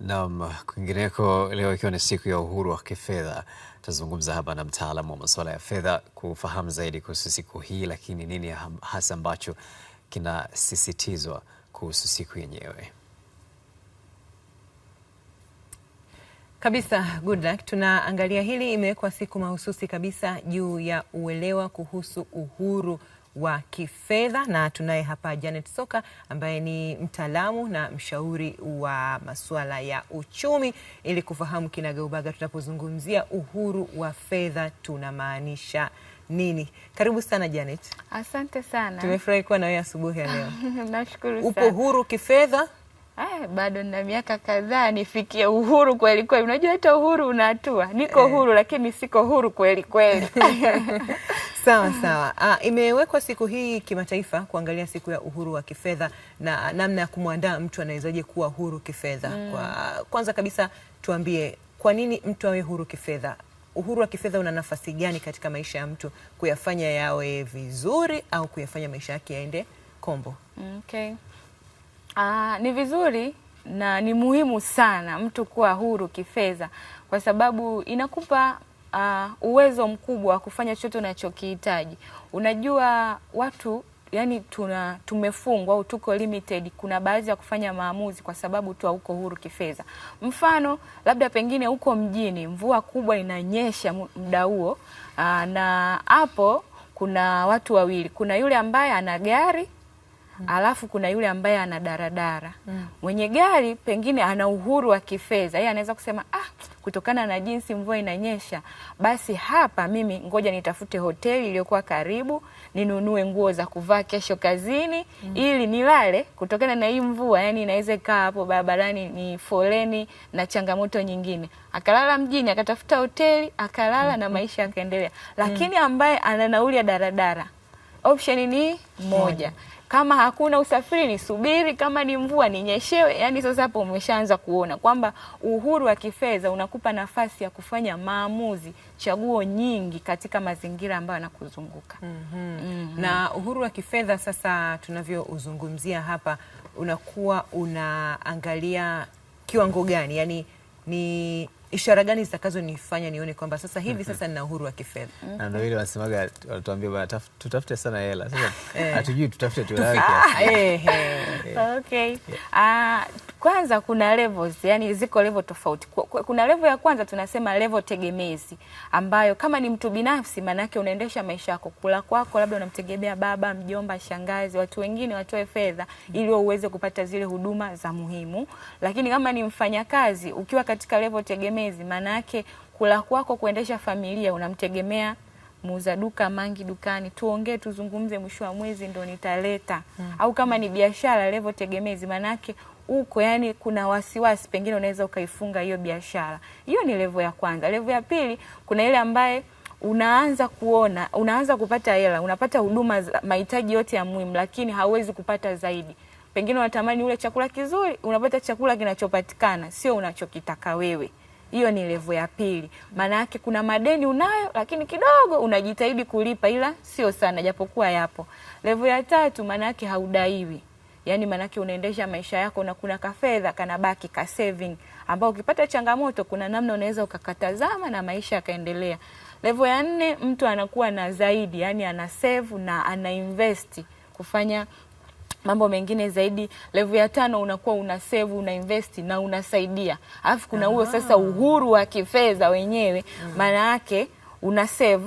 Naam, kwingineko leo ikiwa ni siku ya uhuru wa kifedha, tazungumza hapa na mtaalamu wa masuala ya fedha kufahamu zaidi kuhusu siku hii, lakini nini hasa ambacho kinasisitizwa kuhusu siku yenyewe. Kabisa, good luck. Tunaangalia hili, imewekwa siku mahususi kabisa juu ya uelewa kuhusu uhuru wa kifedha, na tunaye hapa Janet Soka ambaye ni mtaalamu na mshauri wa masuala ya uchumi, ili kufahamu kinagaubaga tunapozungumzia uhuru wa fedha tunamaanisha nini. Karibu sana Janet. Asante sana, tumefurahi kuwa na wewe asubuhi ya leo. Nashukuru sana. Upo uhuru kifedha? Ay, eh, bado na miaka kadhaa nifikie uhuru kweli kweli. Unajua hata uhuru unatua Niko eh. huru lakini siko huru kweli kweli. Sawa sawa. Ah, imewekwa siku hii kimataifa kuangalia siku ya uhuru wa kifedha na namna ya kumwandaa mtu anawezaje kuwa huru kifedha. Mm. Kwa, kwanza kabisa tuambie kwa nini mtu awe huru kifedha? Uhuru wa kifedha una nafasi gani katika maisha ya mtu kuyafanya yawe vizuri au kuyafanya maisha yake yaende kombo? Okay. Uh, ni vizuri na ni muhimu sana mtu kuwa huru kifedha kwa sababu inakupa uh, uwezo mkubwa wa kufanya chochote unachokihitaji. Unajua watu yani tuna tumefungwa au tuko limited. Kuna baadhi ya kufanya maamuzi kwa sababu tu hauko huru kifedha. Mfano labda pengine huko mjini mvua kubwa inanyesha muda huo, uh, na hapo kuna watu wawili, kuna yule ambaye ana gari Hmm. Alafu kuna yule ambaye ana daradara hmm. Mwenye gari pengine ana uhuru wa kifedha, yeye anaweza kusema ah, kutokana na jinsi mvua inanyesha, basi hapa mimi ngoja nitafute hoteli iliyokuwa karibu, ninunue nguo za kuvaa kesho kazini mm. ili nilale kutokana na hii mvua, yani inaweza kaa hapo barabarani ni foleni na changamoto nyingine. Akalala mjini akatafuta hoteli akalala mm. na maisha yakaendelea, mm. lakini ambaye ana nauli ya daradara option ni moja mm kama hakuna usafiri ni subiri kama ni mvua ninyeshewe. yani sasa hapo umeshaanza kuona kwamba uhuru wa kifedha unakupa nafasi ya kufanya maamuzi, chaguo nyingi katika mazingira ambayo yanakuzunguka. mm -hmm. mm -hmm. Na uhuru wa kifedha sasa tunavyouzungumzia hapa unakuwa unaangalia kiwango gani? Yaani ni ishara gani zitakazonifanya nione kwamba sasa hivi mhm. sasa nina uhuru wa kifedha. Na ndio ile wanasemaga, wanatuambia bwana, tutafute sana hela. Sasa eh. hatujui tutafute tu. Eh, okay. Yeah. Eh. Uh, kwanza kuna levels, yani ziko level tofauti. Kuna level ya kwanza tunasema level tegemezi ambayo kama ni mtu binafsi manake unaendesha maisha yako, kula kwako, labda unamtegemea baba, mjomba, shangazi, watu wengine watoe fedha ili uweze kupata zile huduma za muhimu. Lakini kama ni mfanyakazi ukiwa katika level tegemezi manake kula kwako, kuendesha familia unamtegemea muuza duka mangi dukani, tuongee tuzungumze, mwisho wa mwezi ndo nitaleta mm. au kama ni biashara levo tegemezi, manake huko yani kuna wasiwasi, pengine unaweza ukaifunga hiyo biashara. Hiyo ni levo ya kwanza. Levo ya pili, kuna ile ambaye unaanza kuona unaanza kupata hela, unapata huduma, mahitaji yote ya muhimu, lakini hauwezi kupata zaidi. Pengine unatamani ule chakula kizuri, unapata chakula kinachopatikana sio unachokitaka wewe. Hiyo ni levo ya pili. Maana yake kuna madeni unayo, lakini kidogo unajitahidi kulipa, ila sio sana, japokuwa yapo. Levo ya tatu, maana yake haudaiwi yaani maana maanake unaendesha maisha yako na kuna kafedha kanabaki ka saving, ambao ukipata changamoto kuna namna unaweza ukakatazama na maisha yakaendelea. Levo ya nne, mtu anakuwa na zaidi, yani ana save na ana invest kufanya mambo mengine zaidi. Level ya tano unakuwa una save, una invest na unasaidia, alafu kuna huo ah. sasa uhuru wa kifedha wenyewe, mm. maana yake una save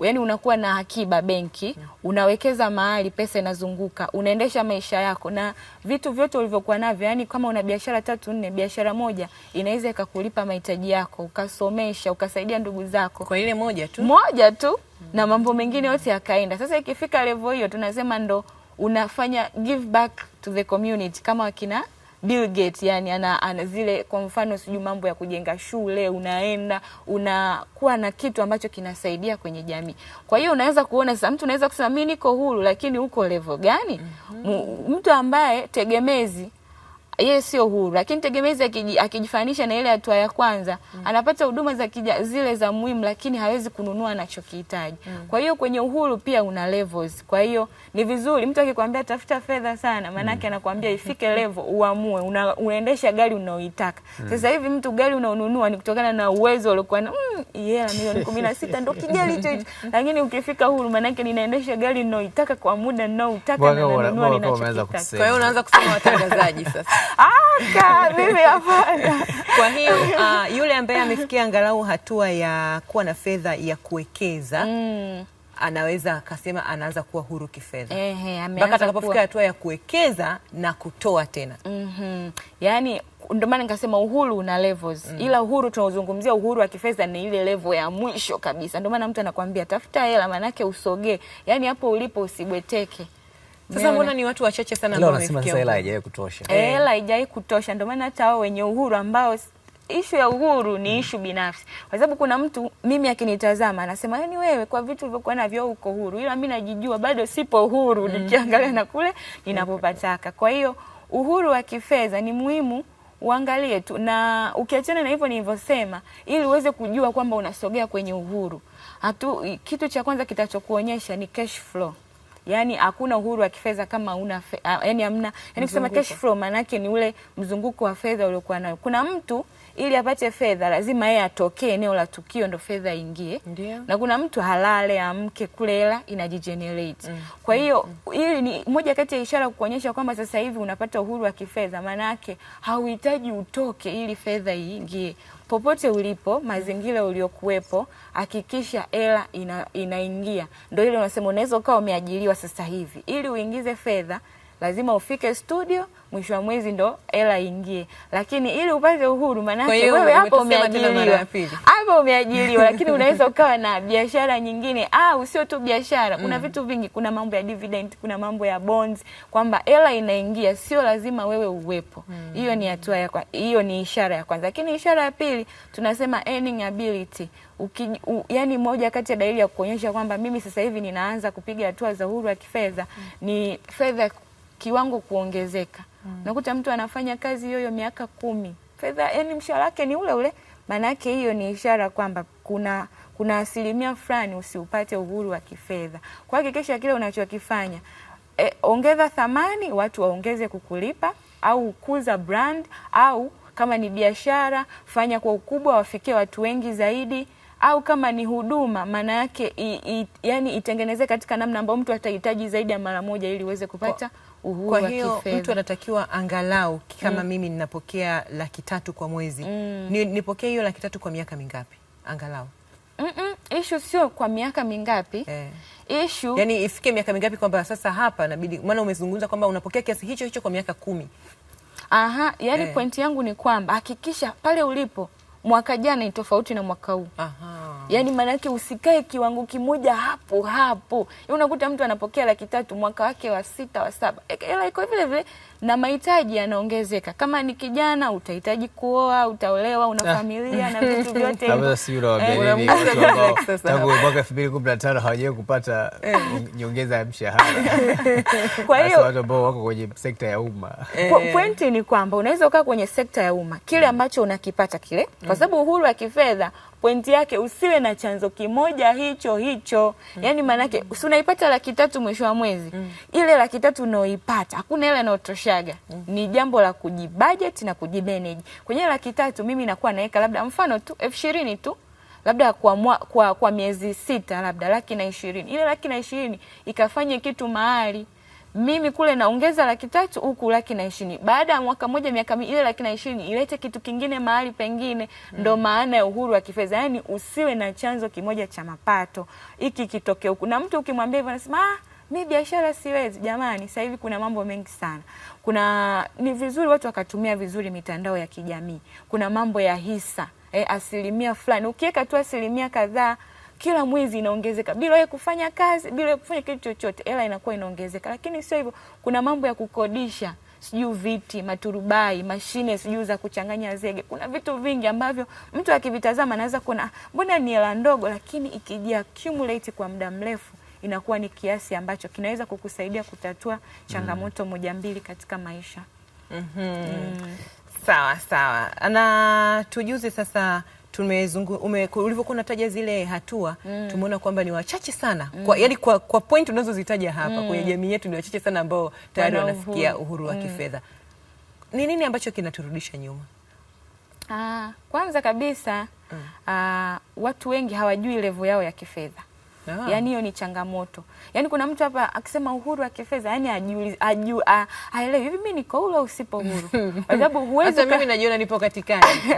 yaani unakuwa na akiba benki, mm. unawekeza mahali, pesa inazunguka, unaendesha maisha yako na vitu vyote ulivyokuwa navyo. Yaani kama una biashara tatu nne, biashara moja inaweza ikakulipa mahitaji yako, ukasomesha, ukasaidia ndugu zako kwa ile moja tu, moja tu, mm. na mambo mengine yote yakaenda. Sasa ikifika level hiyo tunasema ndo unafanya give back to the community kama wakina Bill Gates yani ana, ana zile kwa mfano sijui mambo ya kujenga shule, unaenda unakuwa na kitu ambacho kinasaidia kwenye jamii. Kwa hiyo unaweza kuona sasa, mtu unaweza kusema mimi niko huru, lakini uko level gani? mm -hmm. Mtu ambaye tegemezi yeye sio huru, lakini tegemezi akijifanisha na ile hatua ya kwanza mm. anapata huduma za kija, zile za muhimu, lakini hawezi kununua anachokihitaji mm. kwa hiyo kwenye uhuru pia una levels. Kwa hiyo ni vizuri mtu akikwambia tafuta fedha sana, maanake mm. anakwambia ifike level uamue, una, unaendesha gari unaoitaka mm. sasa hivi mtu gari unaonunua ni kutokana na uwezo uliokuwa na mm, yeah, milioni kumi na sita ndo kijali hicho hicho, lakini ukifika uhuru, maanake ninaendesha gari ninaoitaka kwa muda ninaoutaka na nanunua ninachokitaka. Kwa hiyo unaanza kusema watangazaji sasa Aka, mimi hapana. Kwa hiyo uh, yule ambaye amefikia angalau hatua ya kuwa na fedha ya kuwekeza mm anaweza akasema anaanza kuwa huru kifedha mpaka atakapofika hatua ya kuwekeza na kutoa tena. mm -hmm. Yaani ndio maana nikasema uhuru una levels. mm -hmm. Ila uhuru tunaozungumzia uhuru wa kifedha ni ile level ya mwisho kabisa. Ndio maana mtu anakuambia tafuta hela, maanake usogee, yani hapo ulipo usibweteke. Sasa mbona ni watu wachache sana ambao wamefikia. Sasa hela haijawahi kutosha. Eh. Hela haijawahi kutosha, ndio maana hata wao wenye uhuru ambao ishu ya uhuru ni ishu binafsi, kwa sababu kuna mtu mimi akinitazama anasema yani, wewe kwa vitu ulivyokuwa navyo uko uhuru, ila mimi najijua bado sipo uhuru mm. nikiangalia na kule ninapopataka. Kwa hiyo uhuru wa kifedha ni muhimu uangalie tu, na ukiachana na hivyo nilivyosema, ili uweze kujua kwamba unasogea kwenye uhuru hatu, kitu cha kwanza kitachokuonyesha ni cash flow yani hakuna uhuru wa kifedha kama una yani amna yani kusema cash flow maana ni ule mzunguko wa fedha uliokuwa nayo. Kuna mtu ili apate fedha lazima yeye atokee eneo la tukio ndo fedha ingie. Ndiyo. Na kuna mtu halale amke hela inajigenerate mm. Kwa hiyo mm. ili ni moja kati ya ishara kuonyesha kwamba sasa hivi unapata uhuru wa kifedha, maana yake hauhitaji utoke ili fedha iingie. Popote ulipo, mazingira uliokuwepo, hakikisha hela ina, inaingia. Ndio ile unasema unaweza ukawa umeajiriwa sasa hivi, ili uingize fedha lazima ufike studio mwisho wa mwezi ndo hela ingie, lakini ili upate uhuru, maanake wewe hapo umeajiriwa, hapo umeajiriwa lakini unaweza ukawa na biashara nyingine au ah, sio tu biashara mm. Kuna vitu vingi, kuna mambo ya dividend, kuna mambo ya bonds, kwamba hela inaingia, sio lazima wewe uwepo. Mm. Hiyo mm. ni hatua ya hiyo ni ishara ya kwanza, lakini ishara ya pili tunasema earning ability Uki, u, yani moja kati ya dalili ya kuonyesha kwamba mimi sasa hivi ninaanza kupiga hatua za uhuru wa kifedha mm. ni fedha kiwango kuongezeka mm. Nakuta mtu anafanya kazi hiyo miaka kumi, fedha yani mshahara wake ni ule ule. Maana yake hiyo ni ishara kwamba kuna kuna asilimia fulani usiupate uhuru wa kifedha. Kwa kile unachokifanya e, ongeza thamani, watu waongeze kukulipa au kuza brand au kama ni biashara fanya kwa ukubwa, wafikie watu wengi zaidi, au kama ni huduma, maana yake yani itengeneze katika namna ambayo mtu atahitaji zaidi ya mara moja ili uweze kupata kwa uhuru kwa hiyo mtu anatakiwa angalau kama mm. mimi ninapokea laki tatu kwa mwezi mm. nipokee hiyo laki tatu kwa miaka mingapi angalau? mm -mm, ishu sio kwa miaka mingapi eh. Ishu yani ifike miaka mingapi kwamba sasa hapa nabidi maana umezungumza kwamba unapokea kiasi hicho hicho kwa miaka kumi. Aha, yani eh. Pointi yangu ni kwamba hakikisha pale ulipo mwaka jana ni tofauti na mwaka huu. Aha. Yaani maanake usikae kiwango kimoja hapo hapo. Yaani unakuta mtu anapokea laki tatu mwaka wake wa sita wa saba, hela e, iko vile vile na mahitaji yanaongezeka. Kama ni kijana, utahitaji kuoa, utaolewa, una ah. familia na vitu vyote eh, tangu mwaka elfu mbili kumi na tano hawajawahi kupata eh. nyongeza ya mshahara. Kwa hiyo watu ambao wako kwenye sekta ya umma, eh. pointi ni kwamba unaweza ukaa kwenye sekta ya umma, kile mm. ambacho unakipata kile, kwa sababu uhuru wa kifedha pointi yake usiwe na chanzo kimoja hicho hicho mm. Yani maanake si unaipata laki tatu mwisho wa mwezi mm. Ile laki tatu unaoipata hakuna ile inayotoshaga mm. Ni jambo la kujibudget na kujimanage kwenye laki tatu. Mimi nakuwa naweka labda mfano tu elfu ishirini tu labda kwa, mwa, kwa, kwa miezi sita labda laki na ishirini ile laki na ishirini ikafanye kitu mahali mimi kule naongeza laki tatu huku laki na ishirini baada ya mwaka mmoja miaka mi, ile laki na ishirini ilete kitu kingine mahali pengine mm. Ndo maana ya uhuru wa kifedha, yaani usiwe na chanzo kimoja cha mapato, hiki kitokee huku. Na mtu ukimwambia hivyo anasema ah, mi biashara siwezi. Jamani, sasa hivi kuna mambo mengi sana. Kuna ni vizuri watu wakatumia vizuri mitandao ya kijamii, kuna mambo ya hisa e, asilimia fulani ukiweka tu asilimia kadhaa kila mwezi inaongezeka bila yeye kufanya kazi, bila yeye kufanya kitu chochote, hela inakuwa inaongezeka. Lakini sio hivyo, kuna mambo ya kukodisha, sijui viti, maturubai, mashine sijui za kuchanganya zege. Kuna vitu vingi ambavyo mtu akivitazama anaweza kuona ah, mbona ni hela ndogo, lakini ikija accumulate kwa muda mrefu inakuwa ni kiasi ambacho kinaweza kukusaidia kutatua changamoto moja mbili katika maisha. mm -hmm. mm. Sawa sawa, na tujuze sasa ulivyokuwa unataja zile hatua mm. tumeona kwamba ni wachache sana mm. kwa, yani kwa, kwa point unazozitaja hapa mm. kwenye jamii yetu ni wachache sana ambao tayari wanafikia uhuru wa mm. kifedha. Ni nini ambacho kinaturudisha nyuma? Aa, ah, kwanza kabisa mm. aa, ah, watu wengi hawajui levo yao ya kifedha. Ah. Yaani hiyo ni changamoto. Yaani kuna mtu hapa akisema uhuru wa kifedha, yani ajiulize, ah, hivi mimi niko huru au sipo huru. Kwa sababu huwezi. Hata mimi najiona nipo katikati.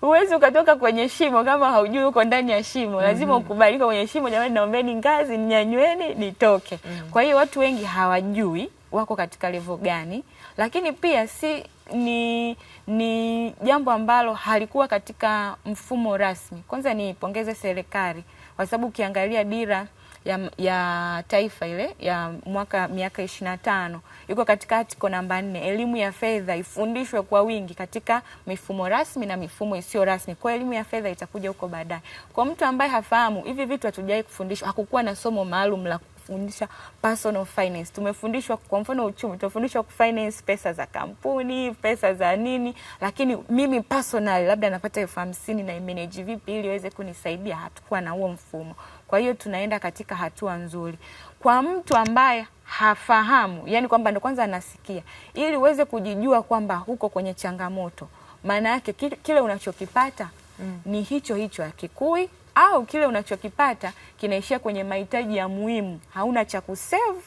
huwezi ukatoka kwenye shimo kama haujui uko ndani ya shimo. Mhm. Lazima mm -hmm. ukubalika kwenye shimo, jamani, naombeni ngazi, ninyanyweni nitoke. mm -hmm. Kwa hiyo watu wengi hawajui wako katika level gani, lakini pia si ni ni jambo ambalo halikuwa katika mfumo rasmi. Kwanza nipongeze serikali kwa sababu ukiangalia dira ya, ya taifa ile ya mwaka miaka ishirini na tano iko katika atiko namba nne, elimu ya fedha ifundishwe kwa wingi katika mifumo rasmi na mifumo isiyo rasmi. Kwa elimu ya fedha itakuja huko baadaye. Kwa mtu ambaye hafahamu hivi vitu, hatujawai kufundishwa, hakukuwa na somo maalum la tunafundisha personal finance. Tumefundishwa kwa mfano uchumi, tumefundishwa finance pesa za kampuni, pesa za nini, lakini mimi personal labda napata elfu hamsini na imeneji vipi ili iweze kunisaidia, hatukuwa na huo mfumo. Kwa hiyo tunaenda katika hatua nzuri kwa mtu ambaye hafahamu, yani kwamba ndo kwanza anasikia, ili uweze kujijua kwamba huko kwenye changamoto, maana yake kile unachokipata mm. ni hicho hicho, akikui au kile unachokipata kinaishia kwenye mahitaji ya muhimu, hauna cha kusave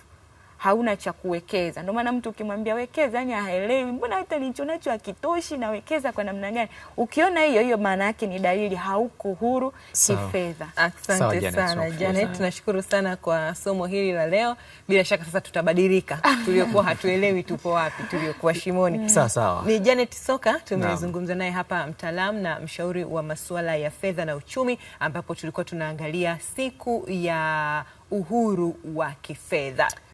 hauna cha kuwekeza. Ndio maana mtu ukimwambia wekeza, yani haelewi, mbona hata nilichonacho hakitoshi, nawekeza kwa namna gani? Ukiona hiyo hiyo, maana yake ni dalili hauko huru kifedha. Asante Sao, sana Janet, tunashukuru sana kwa somo hili la leo. Bila shaka sasa tutabadilika, tuliokuwa hatuelewi tupo wapi, tuliokuwa shimoni. Sawa sawa, ni Janet Soka tumezungumza naye hapa, mtaalamu na mshauri wa masuala ya fedha na uchumi, ambapo tulikuwa tunaangalia siku ya uhuru wa kifedha.